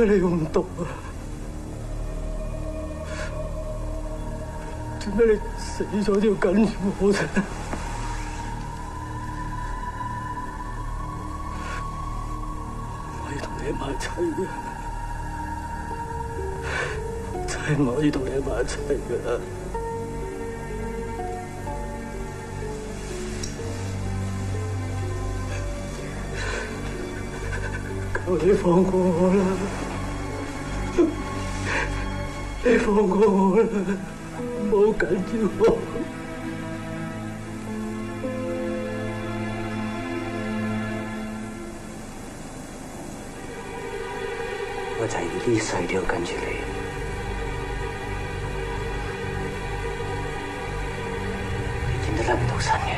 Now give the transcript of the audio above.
做咩你用唔到啊？做咩你死咗都要緊住我啫？唔可同你埋一齊嘅，真係唔可同你埋一齊，可求你放過我了。你放過我啦，唔好跟住我。我就以呢世都要跟住你。你點得甩到身嘅？